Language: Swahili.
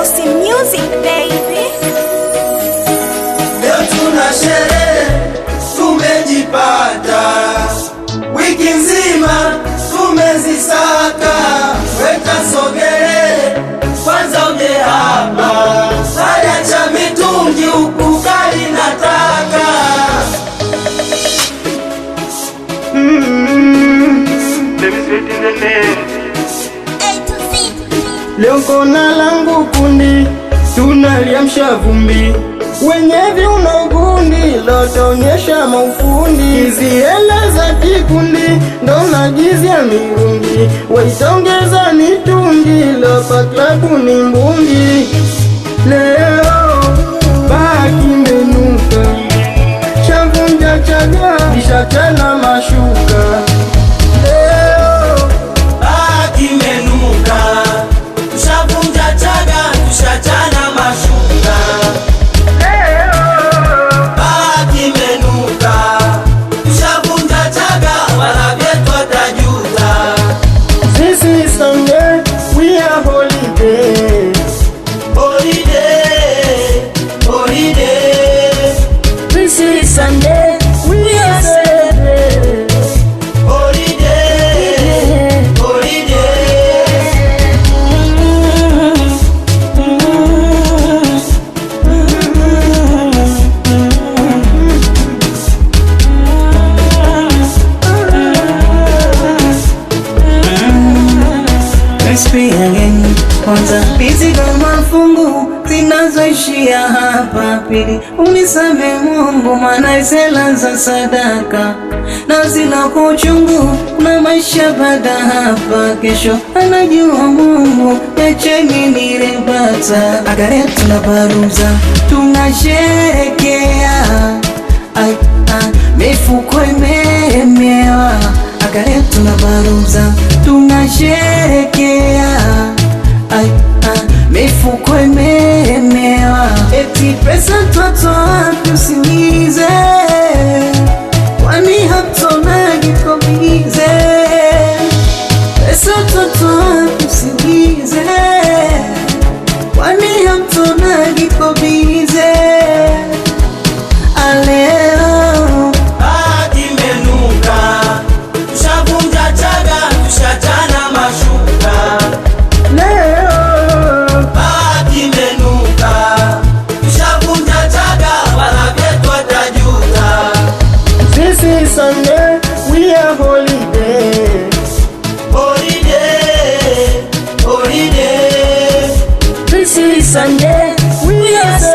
House music baby. Leo tuna sherehe, tumejipata wiki nzima tumezisaka, weka sogele kwanza uje hapa, haya cha mitungi ukukali nataka mm -hmm leo kona langu kundi tunaliamsha vumbi, wenyevi una ugundi lotaonyesha maufundi, hizi hela za kikundi ndo najizia mirungi, waisongeza mitungi lopa klabu ni mbungi leo kwanza, mizigo mafungu zinazoishia hapa. Pili, unisame Mungu, maana zela za sadaka na zila kwa maisha baada hapa. Kesho anajua Mungu, yacheni nilipata. Angalia tunabaruza, tunasherekea, mifuko imeemewa. Angalia tunabaruza, tunasherekea mifuko imeemewa, eti pesa toto wapi? Usinize kwani hatona jikomize, pesa toto wapi? Usinize kwani hatona jikomize Sunday. We are